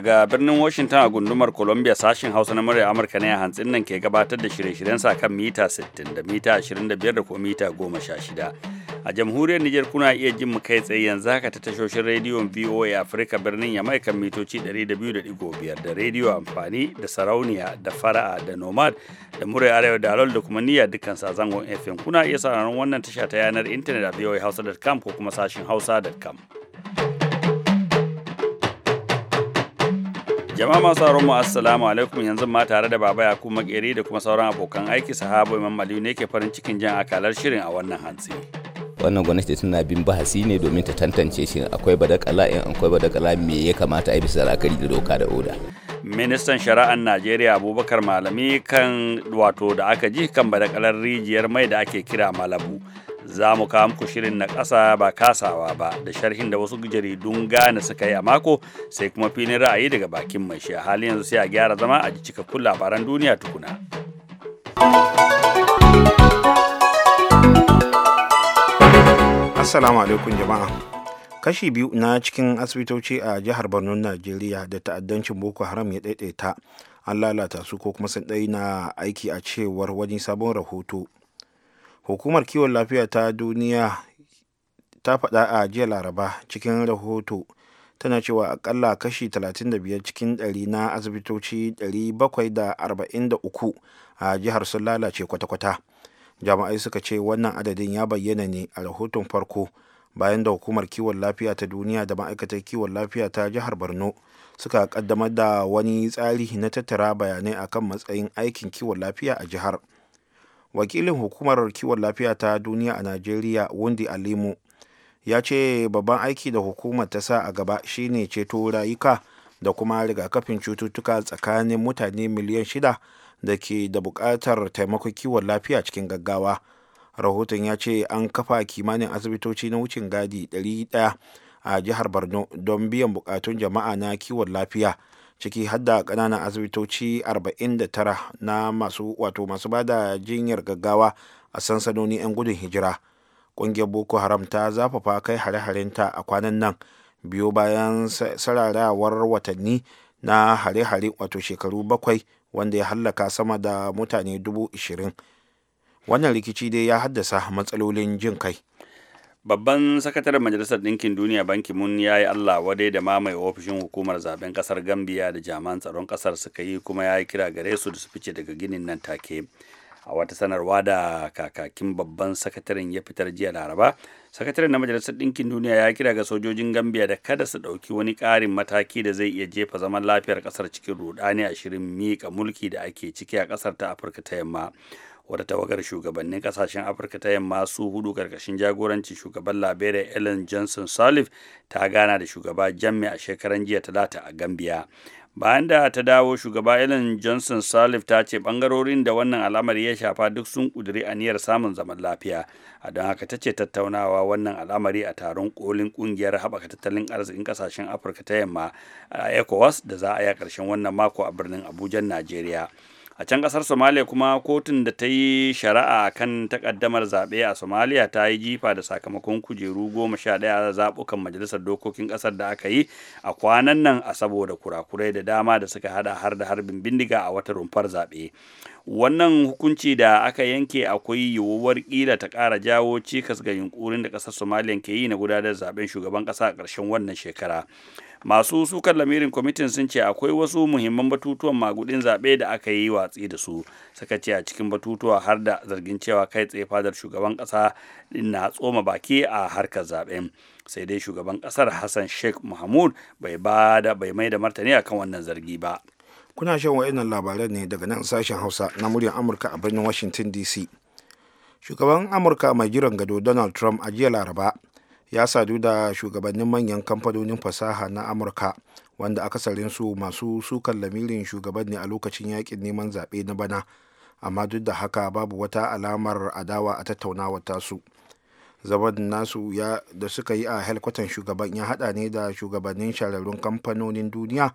daga birnin Washington a gundumar Columbia sashen Hausa na murya Amurka ne a hantsin nan ke gabatar da shirye-shiryen sa kan mita 60 da mita 25 da kuma mita 16. A jamhuriyar Nijar kuna iya jin mu kai tsaye yanzu haka ta tashoshin rediyon VOA Africa birnin Yamai kan mitoci 200.5 da rediyo amfani da sarauniya da fara'a da nomad da murya arewa da alol da kuma niyya dukkan sa zangon FM kuna iya sauraron wannan tasha ta yanar intanet a voahausa.com ko kuma sashen hausa.com. Jama'a masu sauraron mu assalamu alaikum yanzu ma tare da Baba ya kuma Makeri da kuma sauran abokan aiki sahabo Imam Aliyu ne ke farin cikin jan akalar shirin a wannan hantsi. Wannan gwamnati tana bin bahasi ne domin ta tantance shi akwai badakala in akwai badakala me ya kamata a yi bisa la'akari da doka da oda. ministan shari'ar najeriya abubakar malami kan wato da aka ji kan badakalar rijiyar mai da ake kira malabu za mu kawo muku shirin na ƙasa ba kasawa ba da sharhin da wasu jaridun gane suka yi a mako sai kuma filin ra'ayi daga bakin mai shi a halin yanzu sai a gyara zama a ji cikakkun labaran duniya tukuna assalamu alaikum jama'a kashi biyu na cikin asibitoci a jihar borno najeriya da ta'addancin boko haram ya daidaita an lalata su ko kuma sun na aiki a cewar wani sabon rahoto hukumar kiwon lafiya ta duniya ta faɗa a jiya laraba cikin rahoto tana cewa akalla kashi 35 cikin 100 na asibitoci 743 a jihar sun lalace kwata-kwata jama'ai suka ce wannan adadin ya bayyana ne a rahoton farko bayan da hukumar kiwon lafiya ta duniya da ma'aikatar kiwon lafiya ta jihar borno suka kaddamar da wani tsari na tattara bayanai akan matsayin aikin kiwon lafiya a jihar wakilin hukumar kiwon lafiya ta duniya a najeriya wundi alimu ya ce babban aiki da hukumar ta sa a gaba shine ceto rayuka da kuma rigakafin cututtuka tsakanin mutane miliyan shida da ke da buƙatar taimakon kiwon lafiya cikin gaggawa rahoton ya ce an kafa kimanin asibitoci na wucin gadi 100 a jihar borno don biyan bukatun jama'a na kiwon lafiya ciki hadda kananan asibitoci 49 na masu wato masu bada jinyar gaggawa a sansanoni 'yan gudun hijira ƙungiyar boko haram ta zafafa kai hare ta a kwanan nan biyo bayan sararawar watanni na hare-hare wato shekaru bakwai wanda ya hallaka sama da mutane dubu ishirin wannan rikici dai ya haddasa matsalolin jin kai babban sakataren majalisar dinkin duniya banki mun ya yi allah wadai da mamaye ofishin hukumar zaben ƙasar gambia da jaman tsaron ƙasar suka yi kuma ya yi kira gare su da su fice daga ginin nan take a wata sanarwa da kakakin babban sakataren ya fitar jiya laraba sakataren na majalisar dinkin duniya ya kira ga sojojin gambia da kada su ɗauki wani ƙarin mataki da zai iya jefa zaman lafiyar ƙasar cikin rudani a shirin miƙa mulki da ake ciki a ƙasar ta afirka ta yamma wata tawagar shugabannin kasashen afirka ta yamma su hudu karkashin jagoranci shugaban labarai ellen johnson salif ta gana da shugaba jamme a shekaran jiya talata a gambia bayan da ta dawo shugaba ellen johnson salif ta ce bangarorin da wannan al'amari ya shafa duk sun kuduri aniyar samun zaman lafiya a don haka ta ce tattaunawa wannan al'amari a taron kolin kungiyar haɓaka tattalin arzikin kasashen afirka ta yamma a ecowas da za a yi a ƙarshen wannan mako a birnin abuja najeriya a can kasar somalia kuma kotun da ta yi shari'a kan takaddamar zaɓe a somalia ta yi jifa da sakamakon kujeru goma sha ɗaya zaɓukan majalisar dokokin ƙasar da aka yi a kwanan nan a saboda kurakurai da dama da suka hada har da harbin bindiga a wata rumfar zaɓe wannan hukunci da aka yanke akwai yiwuwar kila ta ƙara jawo cikas ga yunkurin da ƙasar somaliya ke yi na gudanar zaben shugaban ƙasa a ƙarshen wannan shekara masu sukar lamirin kwamitin sun ce akwai wasu muhimman batutuwan magudin zaɓe da aka yi watsi da su suka ce a cikin batutuwa har da zargin cewa kai tsaye fadar shugaban ƙasa na tsoma baki a harkar zaɓen sai dai shugaban ƙasar hassan sheikh mahmud bai bada bai mai da martani akan wannan zargi ba kuna shan wa'annan labaran ne daga nan sashen hausa na muryar amurka a birnin washington dc shugaban amurka mai jiran gado donald trump a jiya laraba ya sadu da shugabannin manyan kamfanonin fasaha na amurka wanda akasarin su masu sukan lamirin shugaban ne a lokacin yakin neman zaɓe na bana amma duk da haka babu wata alamar adawa a tattaunawar tasu zaman nasu ya da suka yi a helkwatan shugaban ya hada ne da shugabannin shararrun kamfanonin duniya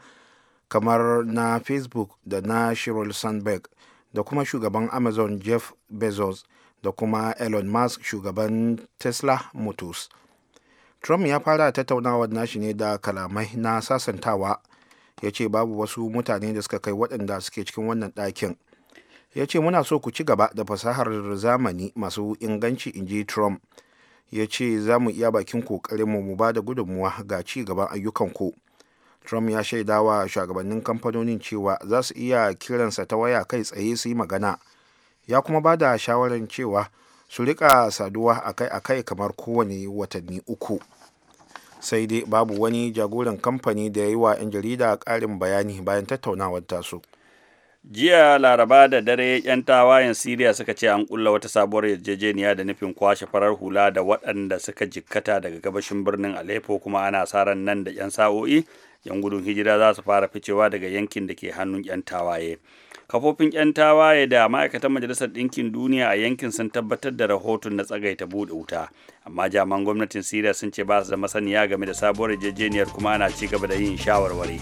kamar na facebook da na sheryl sandberg da kuma shugaban amazon jeff bezos da kuma elon musk shugaban tesla motors trump ya fara tattaunawar nashi ne da kalamai na sasantawa ya ce babu wasu mutane da suka kai waɗanda suke cikin wannan ɗakin ya ce muna so ku ci gaba da fasahar zamani masu inganci inji trump ya ce za mu iya bakin ƙoƙarinmu mu ba da gudunmuwa ga ci gaban ayyukanku trump ya shaida wa shugabannin kamfanonin cewa za su iya kiransa ta waya kai tsaye su yi magana ya kuma ba da shawarar cewa su rika saduwa akai-akai kamar kowane watanni uku sai dai babu wani jagoran kamfani da ya yi wa 'yan jarida ƙarin bayani bayan tattaunawar tasu. jiya laraba da dare yan tawayen siriya suka ce an kulla wata sabuwar yarjejeniya da nufin kwashe farar hula da waɗanda suka jikkata daga gabashin birnin aleppo kuma ana sa ran nan da yan sa'o'i yan gudun hijira za su fara ficewa daga yankin da ke hannun yan tawaye kafofin yan tawaye da ma'aikatan majalisar ɗinkin duniya a yankin sun tabbatar da rahoton na tsagaita buɗe wuta amma jaman gwamnatin siriya sun ce ba su da masaniya game da sabuwar yarjejeniyar kuma ana ci gaba da yin shawarwari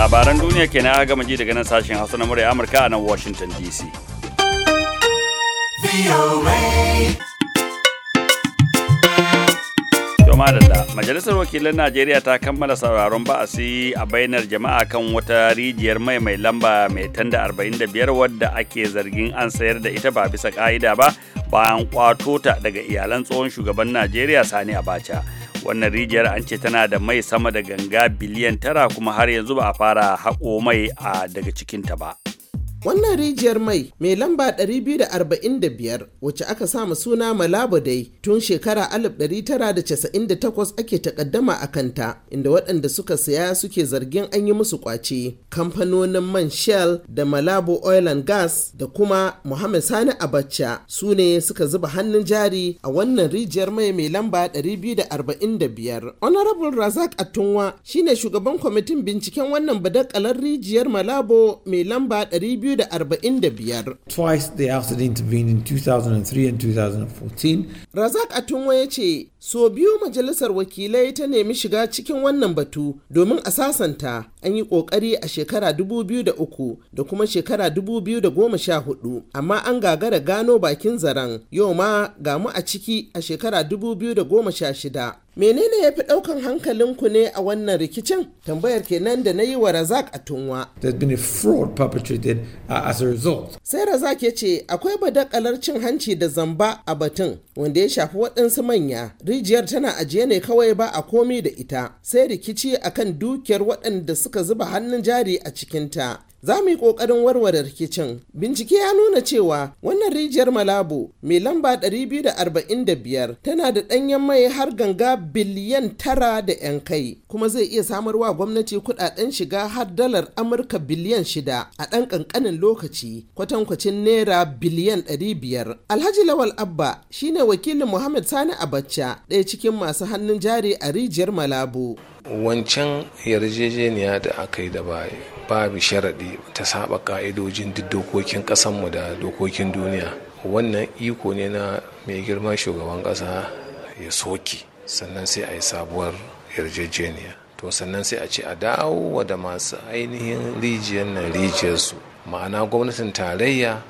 labaran duniya kenan na gama ji daga nan sashen hausa na murya amurka a nan washington dc da majalisar wakilan najeriya ta kammala sauraron ba'asi a bainar jama'a kan wata rijiyar mai mai lamba mai tanda biyar wadda ake zargin an sayar da ita ba bisa ka'ida ba bayan kwato ta daga iyalan tsohon shugaban najeriya sani abacha wannan rijiyar an ce tana da mai sama da ganga biliyan tara kuma har yanzu ba a fara haƙo mai a daga cikinta ba Wannan rijiyar mai mai lamba 245 wacce aka samu suna Malabo dai tun shekara 1998 ake takaddama a kanta inda waɗanda suka saya suke zargin an yi musu kwace. Kamfanonin man Shell da Malabo Oil and Gas da kuma Muhammad Sani Abacha su ne suka zuba hannun jari a wannan rijiyar mai mai lamba 245. Honorable Razak Atunwa shine shugaban kwamitin binciken wannan badakalar rijiyar Malabo mai lamba 200 2045. Twice the accident intervened in 2003 and 2014. Razak Atunwa ya ce, so biyu majalisar wakilai ta nemi shiga cikin wannan batu domin a sasanta an yi kokari a shekara 2003 da kuma shekara 2014 amma an gagara gano bakin zaren yau ma gamu a ciki a shekara 2016 menene ya fi ɗaukan hankalinku ne a wannan rikicin tambayar kenan da na yi wa razak a tunwa uh, sai razak ya ce akwai badakalar cin hanci da zamba a batun wanda ya shafi waɗansu manya rijiyar tana ajiye ne kawai ba a komi da ita sai rikici akan dukiyar waɗanda suka zuba hannun jari a cikinta za mu yi ƙoƙarin warware rikicin. Bincike ya nuna cewa wannan rijiyar Malabo mai lamba 245 tana da ɗanyen mai har ganga biliyan tara da 'yan kai kuma zai iya samarwa gwamnati kuɗaɗen shiga har dalar Amurka biliyan shida a ɗan ƙanƙanin lokaci kwatankwacin naira biliyan 500. Alhaji Lawal Abba shine wakilin Muhammad Sani Abacha ɗaya cikin masu hannun jari a rijiyar Malabo. wancan yarjejeniya da aka yi da baya babu sharaɗi ta saba ka'idojin duk dokokin ƙasanmu da dokokin duniya wannan iko ne na mai girma shugaban ƙasa ya soki sannan sai a yi sabuwar yarjejeniya to sannan sai a ce a dawo da masu ainihin rijiyar nan rijiyarsu ma'ana gwamnatin tarayya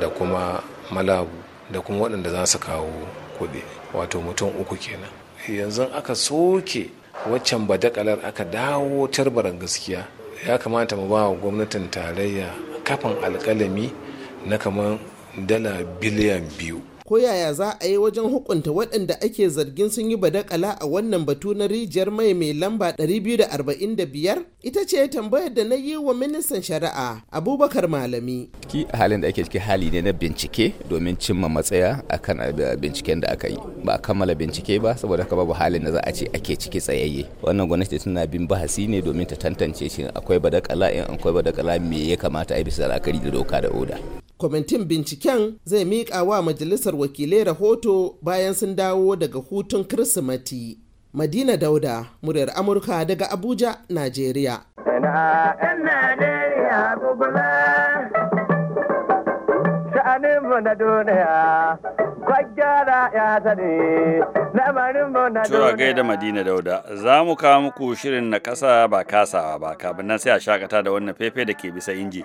da kuma malabu da kuma waɗanda za su kawo kuɗi wato mutum uku kenan yanzu aka soke waccan badakalar aka dawo tarbaran gaskiya ya kamata mu ba gwamnatin tarayya kafin alkalami na kamar dala biliyan biyu ko yaya za a yi wajen hukunta waɗanda ake zargin sun yi badakala a wannan batu na rijiyar mai mai lamba 245 ita ce tambayar da na yi wa ministan shari'a abubakar malami ki halin da ake ciki hali ne na bincike domin cimma matsaya akan eh, binciken da aka yi ba a kammala bincike ba saboda haka babu halin da za a ce ake ciki tsayayye wannan gwamnati tana bin bahasi ne domin ta tantance shi akwai badakala in akwai badakala me ya kamata a yi bisa da doka da oda kwamitin binciken zai miƙa wa majalisar wakilai rahoto bayan sun dawo daga hutun kirsimati madina dauda muryar amurka daga abuja najeriya gai da Madina Dauda, za mu kawo muku shirin na ƙasa ba kasawa ba, kafin nan sai a shakata da wannan fefe da ke bisa inji.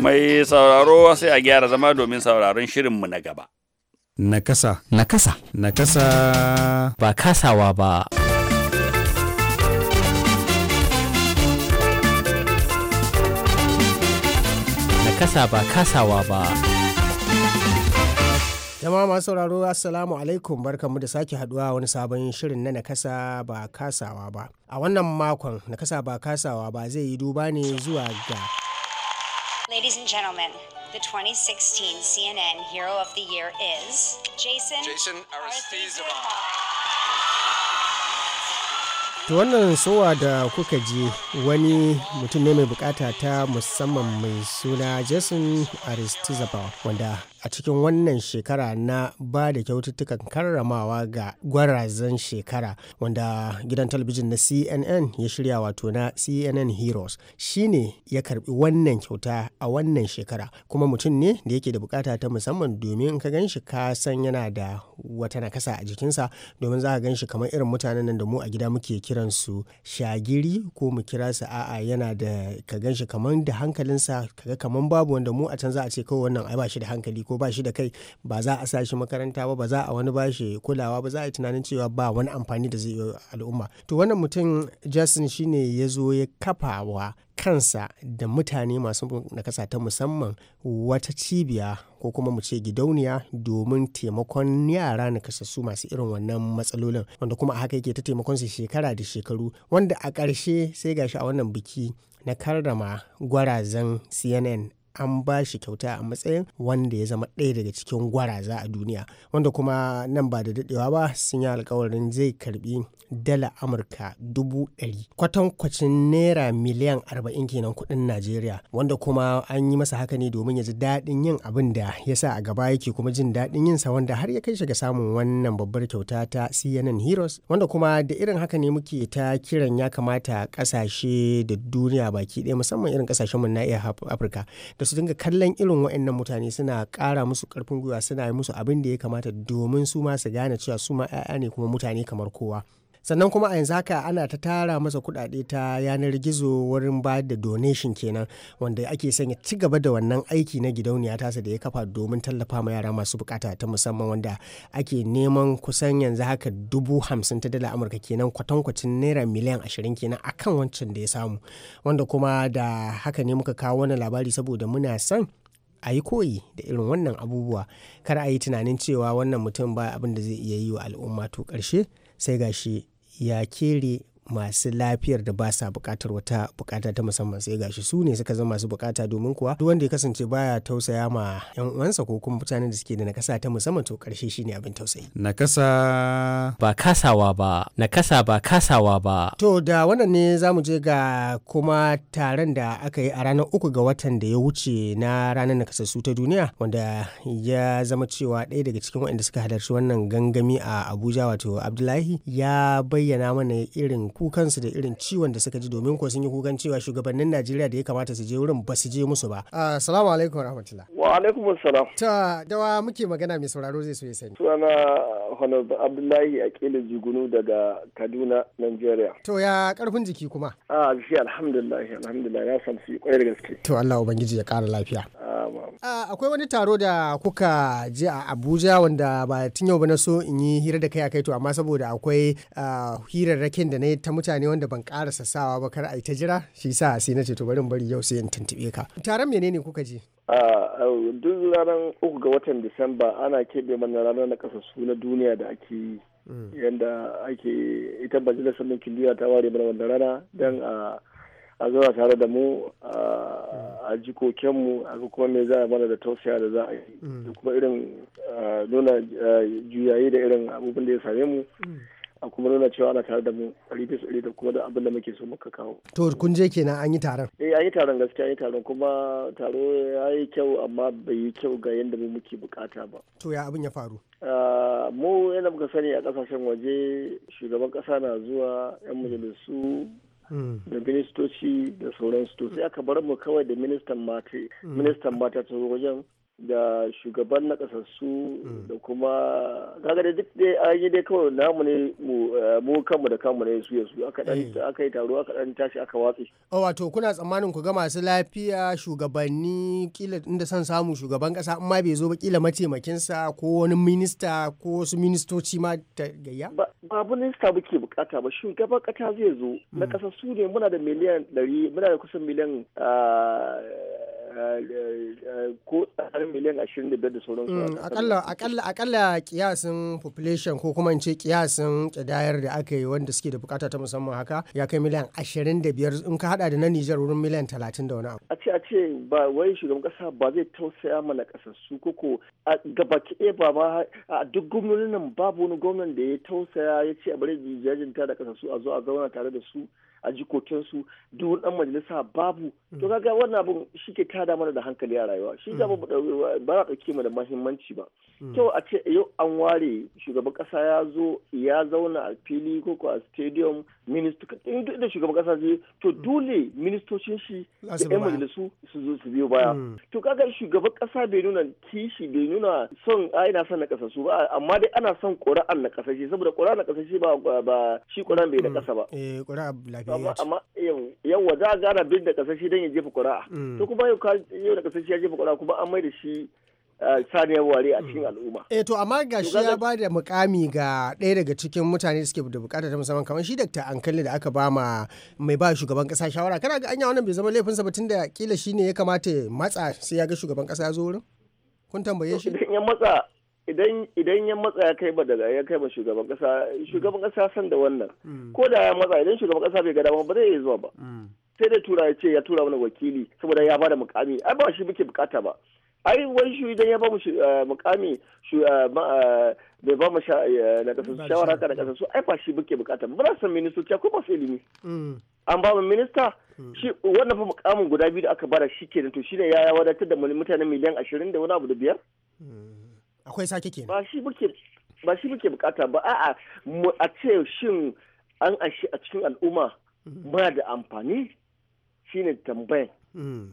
Mai sauraro sai a gyara zama domin sauraron shirinmu na gaba. Nakasa. Nakasa. Nakasa. Ba kasawa ba. Nakasa ba kasawa ba. Jama'a masu sauraro Assalamu alaikum barkanmu da sake haduwa wani sabon shirin na nakasa ba kasawa ba. A wannan makon nakasa ba kasawa ba zai yi duba ne zuwa ga Ladies and gentlemen, the 2016 CNN Hero of the Year is Jason, Jason To wannan sowa da kuka ji wani mutum ne mai bukata ta musamman mai suna Jason Aristizabal wanda a cikin wannan shekara na ba da kyaututtukan karramawa ga gwarazan shekara wanda gidan talabijin na cnn ya shirya wato na cnn heroes shine ya karbi wannan kyauta a wannan shekara kuma mutum ne da yake da bukata ta musamman domin ka gan shi ka san yana da wata nakasa a jikinsa domin za ka gan shi kamar irin mutanen nan da mu a gida muke kiransu shagiri ko mu kira su a'a yana da ka gan shi kamar da hankalinsa kaga kamar babu wanda mu a can za a ce kawai wannan ai ba shi da hankali ko ba shi da kai ba za a sa shi makaranta ba ba za a wani bashi kulawa ba za a yi tunanin cewa ba wani amfani da zai yi al'umma to wannan mutum justin shine ya zo ya kafa wa kansa da mutane masu nakasa ta musamman wata cibiya ko kuma mu ce gidauniya domin taimakon yara nakasassu masu irin wannan matsalolin wanda kuma a haka yake ta taimakon su shekara da shekaru wanda a ƙarshe sai gashi a wannan biki na karrama gwarazan cnn an ba shi kyauta a matsayin wanda ya zama ɗaya daga cikin gwaraza a duniya wanda kuma nan ba da daɗewa ba sun yi alkawarin zai karbi dala amurka dubu ɗari kwatankwacin naira miliyan arba'in kenan kuɗin najeriya wanda kuma an yi masa haka ne domin ya ji daɗin yin abin da ya sa a gaba yake kuma jin daɗin yinsa wanda har ya kai shi ga samun wannan babbar kyauta ta cnn heroes wanda kuma da irin haka ne muke ta kiran ya kamata ƙasashe da duniya baki ɗaya musamman irin ƙasashenmu na iya afirka da su dinga kallon irin wa'annan mutane suna ƙara musu ƙarfin gwiwa suna yi musu abin da ya kamata domin su ma su gane cewa su ma 'ya'ya ne kuma mutane kamar kowa sannan kuma a yanzu haka ana ta tara masa kuɗaɗe ta yanar gizo wurin ba da donation kenan wanda ake sanya ci gaba da wannan aiki na gidauniya tasa da ya kafa domin tallafa ma yara masu bukata ta musamman wanda ake neman kusan yanzu haka dubu hamsin ta dala amurka kenan kwatankwacin naira miliyan ashirin kenan akan wancan da ya samu wanda kuma da haka ne muka kawo wani labari saboda muna son a yi koyi da irin wannan abubuwa kar a yi tunanin cewa wannan mutum ba abin da zai iya yi wa al'umma to karshe sai gashi ya kere masu lafiyar da ba sa buƙatar wata bukata ta musamman sai gashi su ne suka zama masu bukata domin kuwa duk wanda ya kasance baya tausaya ma yan uwansa ko kuma mutanen da suke da nakasa ta musamman to ƙarshe shine abin tausayi. Nakasa ba kasawa ba nakasa ba kasawa ba. To da wannan ne zamu je ga kuma taron da aka yi a ranar uku ga watan da ya wuce na ranar nakasassu ta duniya wanda ya zama cewa ɗaya daga cikin waɗanda suka halarci wannan gangami a Abuja wato Abdullahi ya bayyana mana irin kukansu da irin ciwon da suka ji domin ko sun yi kukan cewa shugabannin Najeriya da ya kamata su je wurin ba su je musu ba. Assalamu ah, alaikum rahmatullah. Wa alaikum assalam. Ta dawa muke magana mai sauraro zai so ya sani. Sunana Honorable Abdullahi Akilu Jigunu daga Kaduna, Nigeria. To ya karfin jiki kuma? Ah, shi alhamdulillah alhamdulillah ya san su kwarai da gaske. To Allah ubangiji ya kara lafiya. Ah, akwai wani taro da kuka je a Abuja wanda ba tun yau ba na so in yi hira da kai a kai to amma saboda akwai ah, hirarrakin da na yi ta mutane wanda ban karasa sawa ba kar a yi ta jira shi sa sai na ce to bari bari yau sai in tuntube ka taron menene kuka je duk ranar uku ga watan disamba ana keɓe mana ranar na kasassu na duniya da ake yi mm. yadda ake ita majalisar ɗinkin duniya ta ware mana wannan rana don a a zauna tare da mu a mm. ji kokenmu a ga kuma me za a mana da tausaya da za a yi mm. da kuma irin nuna juyayi da irin abubuwan da ya same mu a kuma nuna cewa ana tare da mu a bisa da kuma da abin da muke so muka kawo. To kun je kenan an yi taron? Eh an yi taron gaskiya an yi taron kuma taro ya yi kyau amma bai yi kyau ga yadda mu muke bukata ba. To ya abin ya faru? Ah, mu yana muka sani a kasashen waje shugaban kasa na zuwa 'yan majalisu hmm. da ministoci da sauransu to sai aka bar mu kawai da ministan mata hmm. ministan mata ta wajen da shugaban na kasassu mm. da kuma kaga da duk dai an yi dai kawai namu ne mu eh, kanmu da kanmu ne su yasu aka dan eh. aka yi taro aka dan tashi aka watsi oh wato kuna tsammanin ku ga masu lafiya shugabanni kila inda son samu shugaban kasa amma bai zo ba kila mataimakin sa ko wani minista ko wasu ministoci ma ta gayya ba minista ke bukata ba shugaban kasa zai zo mm. na kasassu ne muna da miliyan 100 muna da kusan miliyan ah, ko tsakanin miliyan 25 da sauransu. Mm, akalla kiyasin population ko kuma ce kiyasin kidayar da aka yi wanda suke da bukata ta musamman haka ya kai miliyan 25 in ka hada da na Nijar wurin miliyan 30 da wani abu. A ce a ce ba wai shugaban kasa ba zai tausaya mana kasassu koko a gabaki ɗaya ba ma a duk gwamnatin babu wani gwamnan da ya tausaya ya ce a bari jajinta da kasassu a zo a zauna tare da su. a jikokinsu duk dan majalisa babu mm. to kaga wannan abun shi ke tada mana da hankali a rayuwa shi ga mm. ba za ɗauke mu da mahimmanci ba to mm. a ce yau an ware shugaban kasa ya zo ya zauna a fili ko a stadium in duk da shugaban kasa zai to dole ministocin shi da yan majalisu su zo su biyo baya to kaga shugaban kasa bai nuna kishi bai nuna son a ina son na kasa su ba amma dai ana son ƙura'an na shi saboda ƙura'an na shi ba shi ƙura'an bai na kasa ba eh amma yawa za a gara bin da kasashe don ya jefa kura'a mm. to kuma yau da kasashe ya jefa kura'a kuma an mai da shi eh, saniyar ware a cikin mm. al'umma. Eh to amma ga shi ya ba da mukami ga ɗaya daga cikin mutane suke da bukata ta musamman kamar shi Dr. Ankali da aka ba ma mai ba shugaban kasa shawara kana ga anya wannan bai zama laifinsa ba da kila shi ne ya kamata matsa sai ya ga shugaban kasa ya zo wurin? Kun tambaye shi? ya idan ya matsa ya kai ba daga ya kai ba shugaban kasa shugaban kasa san da wannan mm. ko da ya matsa idan shugaban kasa bai ga dama ba zai iya zuwa ba mm. sai dai tura ya ce ya tura mana wakili saboda ya bada mukami ai ba shi muke bukata ba ai wani shi idan ya ba mu mukami bai ba mu na kasa shawara ka na kasa su ai ba shi muke bukata ba za san ministoci ko ba su ilimi mm. an ba mu minista shi wannan fa mukamin guda biyu da aka bada shi kenan to shine ya wadatar da mutane miliyan ashirin da wani abu da biyar akwai sake kenan ba shi muke bukata ba a a ce shin an ashe a cikin al'umma ba mm-hmm. da amfani shine tambayan mm.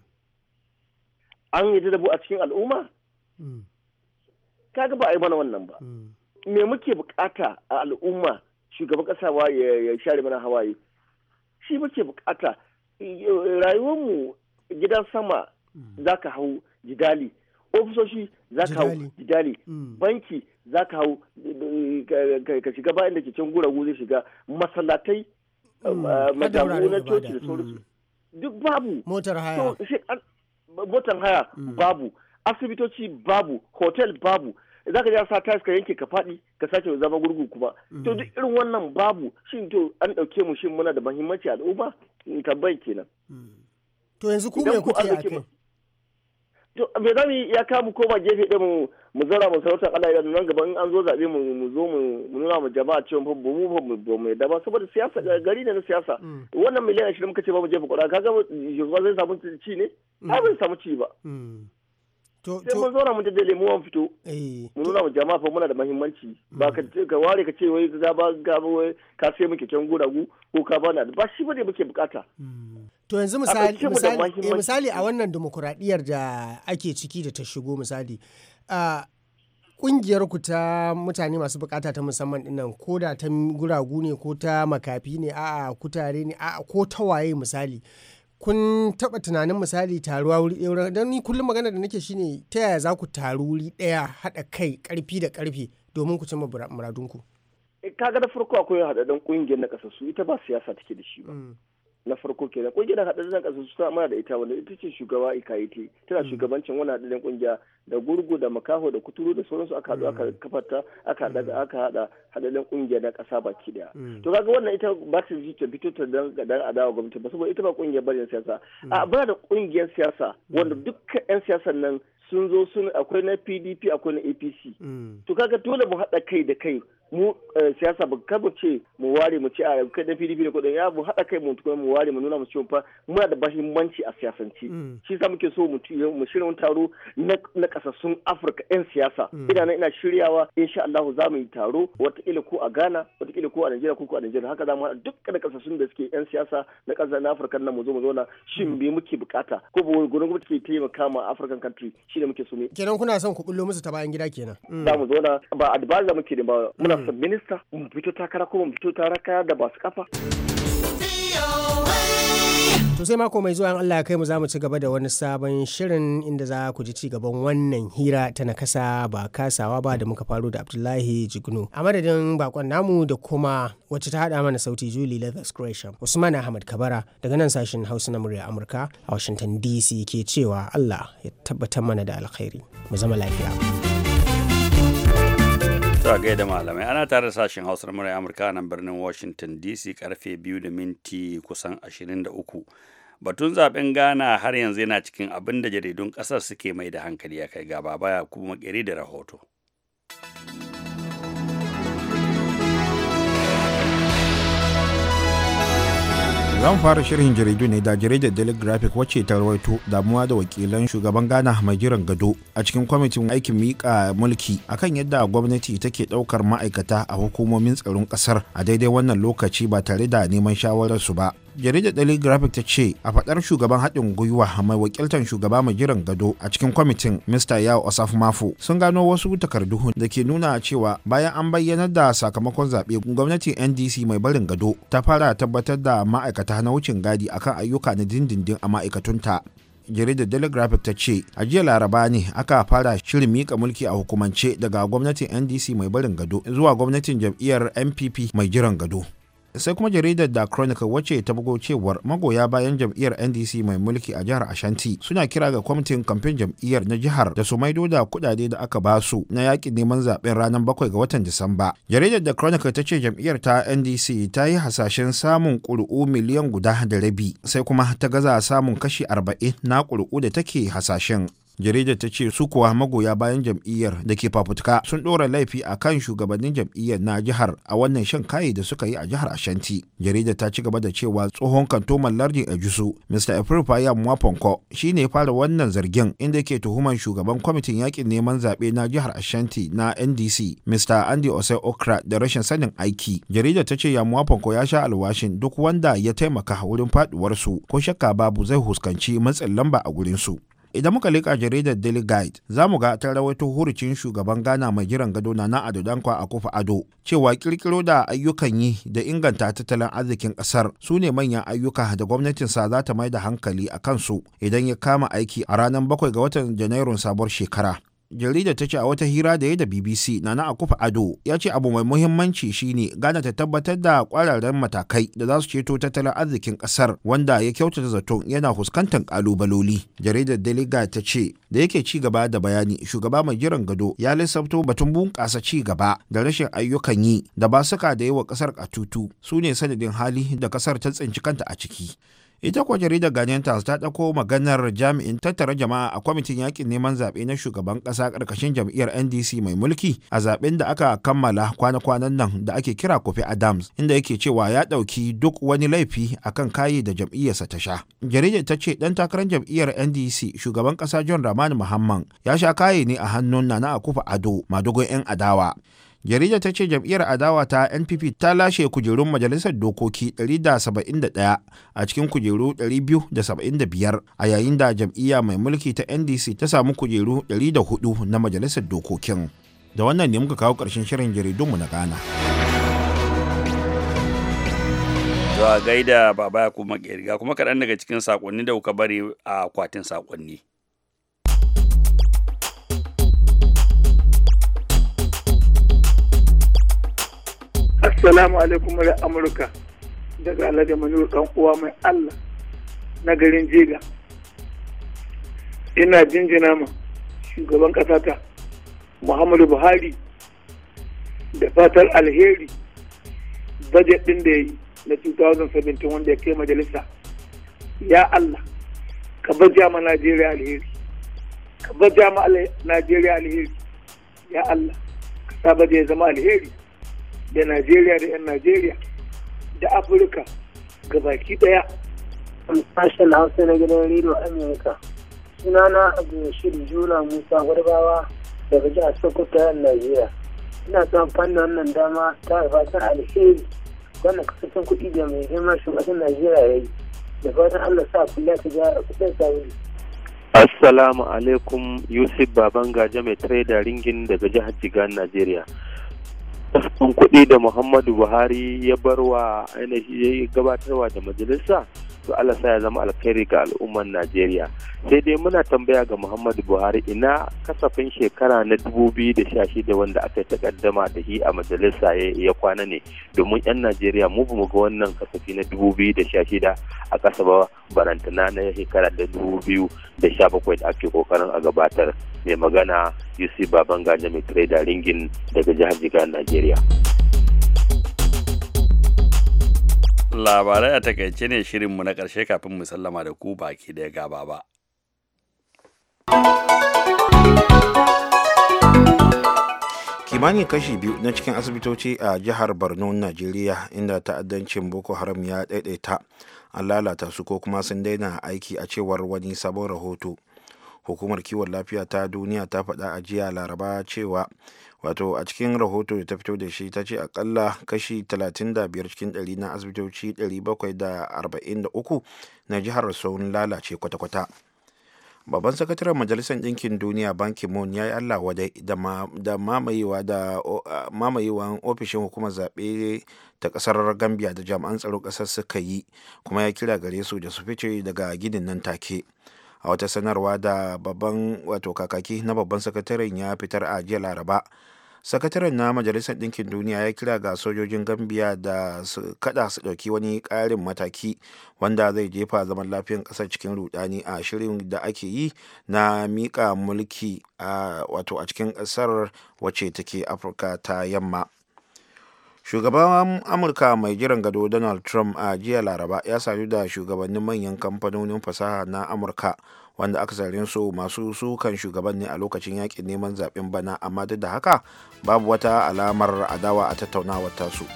an yi dadabu a cikin al'umma mm. kaga ba a yi mana wannan ba mm. me muke bukata a al'umma shugaban kasa ya share mana hawaye shi muke bukata rayuwarmu gidan sama za ka hau jidali ofisoshi za ka hau jidali mm. banki za ka hau mm, ka shiga bayan da ke can guragu zai shiga masallatai mm. um, uh, madamu na coci da sauransu duk babu motar haya motar haya babu asibitoci babu hotel babu za ka ja sa tayis ka yanke ka faɗi ka sake zama gurgu kuma to duk irin wannan babu shin to an ɗauke mu shin muna da muhimmanci al'umma tambayi kenan to yanzu ku me kuke a kai to me za mu ya kamu ko ba gefe ɗin mu mu zara mu sarauta Allah ya nan gaba in an zo zaɓe mu mu zo mu nuna mu jama'a cewa fa ba mu fa mu ba mu yadda ba saboda siyasa gari ne na siyasa mm. wannan miliyan ashirin muka ce ba mu jefa kuɗa kaga shugaban zai samu ci ne ba mm. zai samu ci ba mm. sai mun zauna mu dade lemu an fito eh, mu nuna mu jama'a fa muna da muhimmanci ba ka ka ware ka ce wai ka ba ka sai mu keken gudagu ko ka bana ba shi ba ne muke bukata To yanzu eh, misali a wannan demokuraɗiyar da ake ciki da ta shigo misali Ƙungiyar ku ta mutane masu bukata ta musamman dinnan ko da ta guragu ne ko ta makafi ne a'a kutare ne a ko ta waye misali kun taɓa tunanin misali taruwa wuri ɗaya don ni kullum magana da nake shine ta yaya za ku taru wuri ɗaya haɗa kai ƙarfi da ƙarfi domin ku cimma muradunku. Eh, ga da farko akwai haɗaɗɗen ƙungiyar na su ita ba siyasa take da shi ba. Mm. na farko kenan kungiyar zan ƙasa su mana da ita wanda ita ce shugaba ikaiti tana mm. shugabancin wani haɗaɗɗen kungiya da gurgu da makaho da kuturu da sauransu aka haɗu aka mm. kafarta aka haɗa mm. aka haɗa haɗaɗɗen kungiya na kasa baki daya to kaga wannan ita ba ta ji ta fito ta dan dan adawa gwamnati ba saboda ita ba kungiyar barin siyasa a ba da kungiyar siyasa wanda dukkan 'yan siyasan nan sun zo sun akwai na pdp akwai na apc mm. to kaga dole mu haɗa kai da kai mu eh, siyasa ba ka mu ce mu ware mu ce ah, a kai na pdp ne kudin ya mu haɗa kai mu tukuna mu ware mu nuna mu cewa fa muna da bahimmanci a siyasance mm. shi sa muke so mu mu shirin taro na kasassun afirka yan siyasa mm. ina nan ina shiryawa insha Allah za mu yi taro wataƙila ko a Ghana wataƙila ko a Najeriya ko a Najeriya haka za mu haɗa dukkan kasassun da suke yan siyasa na ƙasar na afirka nan mu zo mu zauna shin me muke bukata ko gurin gwamnati ke taimaka ma afirkan country shi da muke so ne kenan kuna son ku bullo musu ta bayan gida kenan mm. za mu zauna ba advisor muke ne ba muna mm. son minista mu fito takara ko mu fito takara da basu kafa To sai mako mai zuwa Allah kai mu za mu ci gaba da wani sabon shirin inda za ku ji ci gaban wannan hira ta nakasa ba kasawa ba da muka faro da Abdullahi Jignu. A madadin bakon namu da kuma wacce ta haɗa mana sauti Julie Leathers Gresham. Usman Ahmad Kabara daga nan sashen Hausa na murya Amurka a Washington DC ke cewa Allah ya tabbatar mana da alkhairi. Mu zama lafiya. gai da malamai ana tare da sashen Hausar murai Amurka nan birnin Washington DC karfe biyu da minti kusan 23. Batun zaben Ghana har yanzu yana cikin abin da jaridun ƙasar suke mai da hankali ya kai gaba baya kuma kere da rahoto. zan fara shirin jaridu ne da jaridar daily graphic wacce ta rawaito damuwa da wakilan shugaban gana mai jiran gado a cikin kwamitin aikin mika mulki akan yadda gwamnati take daukar ma'aikata a hukumomin tsaron kasar a daidai wannan lokaci ba tare da neman shawararsu ba jaridar daily graphic ta ce a fadar shugaban haɗin gwiwa mai wakiltar shugaba mai jiran gado a cikin kwamitin mr yao osaf Mafu sun gano wasu takardu da ke nuna cewa bayan an bayyanar da sakamakon zaɓe gwamnatin ndc mai barin gado ta fara tabbatar da ma'aikata na wucin gadi akan ayyuka na dindindin a ma'aikatunta jaridar telegraphic ta ce a jiya laraba ne aka fara shirin mika mulki a hukumance daga gwamnatin ndc mai barin gado zuwa gwamnatin jam'iyyar npp mai jiran gado sai kuma jaridar da chronicle wacce ta bugo cewar magoya bayan jam'iyyar ndc mai mulki a jihar ashanti suna kira ga kwamitin kamfen jam'iyyar na jihar da su maido da kudade da aka ba su na yakin neman zaben ranar bakwai ga watan disamba jaridar da chronicle ta ce jam'iyyar ta ndc ta yi hasashen samun ƙuri'u miliyan guda da rabi sai kuma ta gaza samun kashi arba'in na ƙuri'u da take hasashen jarida ta ce su kuwa magoya bayan jam'iyyar da ke fafutuka sun ɗora laifi a kan shugabannin jam'iyyar na jihar a wannan shan kayi da suka yi a jihar ashanti jarida ta ci gaba da cewa tsohon kantoman lardin ejusu mr efrufa ya mwafonko shi ne fara wannan zargin inda ke tuhuman shugaban kwamitin yakin neman zaɓe na jihar ashanti na ndc mr andy osei okra da rashin sanin aiki jarida ta ce ya mwafonko ya sha alwashin duk wanda ya taimaka wurin faduwarsu ko shakka babu zai huskanci matsin lamba a gurinsu Idan muka leƙa jaridar Daily Guide, za mu ga ta rawaito hurucin shugaban Ghana mai jiran gado na na Ado Dankwa a kufa Ado, cewa kirkiro da ayyukan yi da inganta tattalin arzikin ƙasar su ne manyan ayyuka da gwamnatinsa za ta mai da hankali a kansu idan ya kama aiki a ranar bakwai ga watan Janairun sabuwar shekara. jaridar ta ce a wata hira da ya da bbc nana akufa ado ya ce abu mai muhimmanci shine gana ta tabbatar da kwararren matakai da za su ceto tattalin arzikin kasar wanda ya kyautata zaton yana fuskantar kalubaloli jaridar deliga ta ce da yake ci gaba da bayani shugaba mai jiran gado ya lissafto batun bunƙasa ci gaba da rashin ayyukan yi da ba suka da yawa kasar katutu su ne sanadin hali da kasar ta tsinci kanta a ciki ita kuwa jaridar guardian ta ɗauko maganar jami'in tattara jama'a a kwamitin yakin neman zaɓe na shugaban ƙasa ƙarƙashin jam'iyyar ndc mai mulki a zaɓen da aka kammala kwana-kwanan nan da ake kira kofi adams inda yake cewa ya ɗauki duk wani laifi akan kayi da jam'iyyarsa ta sha jaridar ta ce ɗan takarar jam'iyyar ndc shugaban ƙasa john ramani muhammad ya sha kayi ne a hannun nana akufa ado madogon 'yan adawa jarida ta ce jam'iyyar adawa ta npp ta lashe kujerun majalisar dokoki 171 a cikin kujeru 275 a yayin da jam'iyya mai mulki ta ndc ta samu kujeru 104 na majalisar dokokin da wannan ne muka kawo ƙarshen shirin jaridunmu na ghana zuwa gaida baba ya kuma kuma kaɗan daga cikin saƙonni da kuka bari a kwatin saƙonni Assalamu alaikum wa Amurka daga Alhaji Manu dan uwa mai Allah na garin Jega. Ina jinjina ma shugaban ta Muhammadu Buhari da fatar alheri bajet ɗin da yi na 2017 wanda ya kai majalisa. Ya Allah, ka baja ma Najeriya alheri. Ka baja ma Najeriya alheri. Ya Allah, ka sa baje ya zama alheri. da najeriya da 'yan najeriya da afirka ga baki daya sashen hausa na gidan rediyo amurka sunana shirin jula musa gwarbawa daga jihar sokoto yan najeriya ina son fannin wannan dama ta fatan alheri wannan kasashen kuɗi da mai girma shugaban najeriya ya yi da fatan allah sa kula ta gyara kuɗin sauri assalamu alaikum yusuf baban gaja mai trader ringin daga jihar Jigar najeriya kuɗi da muhammadu buhari ya barwa ainihi ya gabatarwa da majalisa to Allah sa ya zama alkhairi ga al'ummar Najeriya sai dai muna tambaya ga Muhammadu Buhari ina kasafin shekara na 2016 wanda aka takaddama da shi a majalisa ya kwana ne domin 'yan Najeriya mu bamu ga wannan kasafi na 2016 a kasa ba barantana na shekara da 2017 da da ake kokarin a gabatar mai magana Yusuf Babangana mai tare ringin daga jihar Jigar Najeriya. labarai a takaice ne shirin mu na ƙarshe kafin mu sallama da ku baki da gaba ba. kimanin kashi biyu na cikin asibitoci a jihar borno najeriya inda ta'addancin boko haram ya daidaita an lalata su ko kuma sun daina aiki a cewar wani sabon rahoto hukumar kiwon lafiya ta duniya ta faɗa a jiya laraba cewa wato a cikin rahoto da ta fito da shi ta ce akalla kashi 35 cikin 100 na asibitoci 743 na jihar sun lalace kwata-kwata babban sakataren majalisar ɗinkin duniya ban moon ya yi allah wadai da mamayewa da mamayewan ofishin hukumar zaɓe ta ƙasar gambia da jami'an tsaro ƙasar suka yi kuma ya kira gare su da su fice daga ginin nan take a wata sanarwa da babban wato kakaki na babban sakataren ya fitar a jiya laraba sakataren na majalisar ɗinkin duniya ya kira ga sojojin gambia da su kada su ɗauki wani ƙarin mataki wanda zai jefa zaman lafiyan ƙasar cikin rudani a shirin da ake yi na miƙa mulki a wato a cikin ƙasar wacce take afirka ta yamma shugaban amurka mai jiran gado donald trump a jiya laraba ya sadu da shugabannin manyan kamfanonin fasaha na amurka wanda aka su masu sukan shugaban ne a lokacin yakin neman zaben bana amma duk da haka babu wata alamar adawa a tattaunawar tasu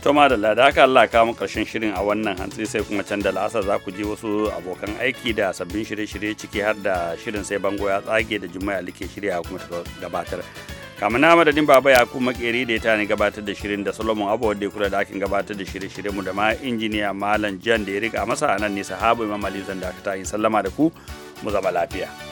to da lada haka Allah ka mu karshen shirin a wannan hantsi sai kuma can da la'asar za ku ji wasu abokan aiki da sabbin shirye-shirye ciki har da shirin sai bango ya tsage da juma'a like shirya kuma ta gabatar kamar na madadin baba ya kuma makeri da ta ne gabatar da shirin da solomon abu wadda ya kula da akin gabatar da shirye-shirye mu da ma injiniya malam jan da ya rika masa a nan ne sahabu imam aliyu zan da aka ta sallama da ku mu zama lafiya.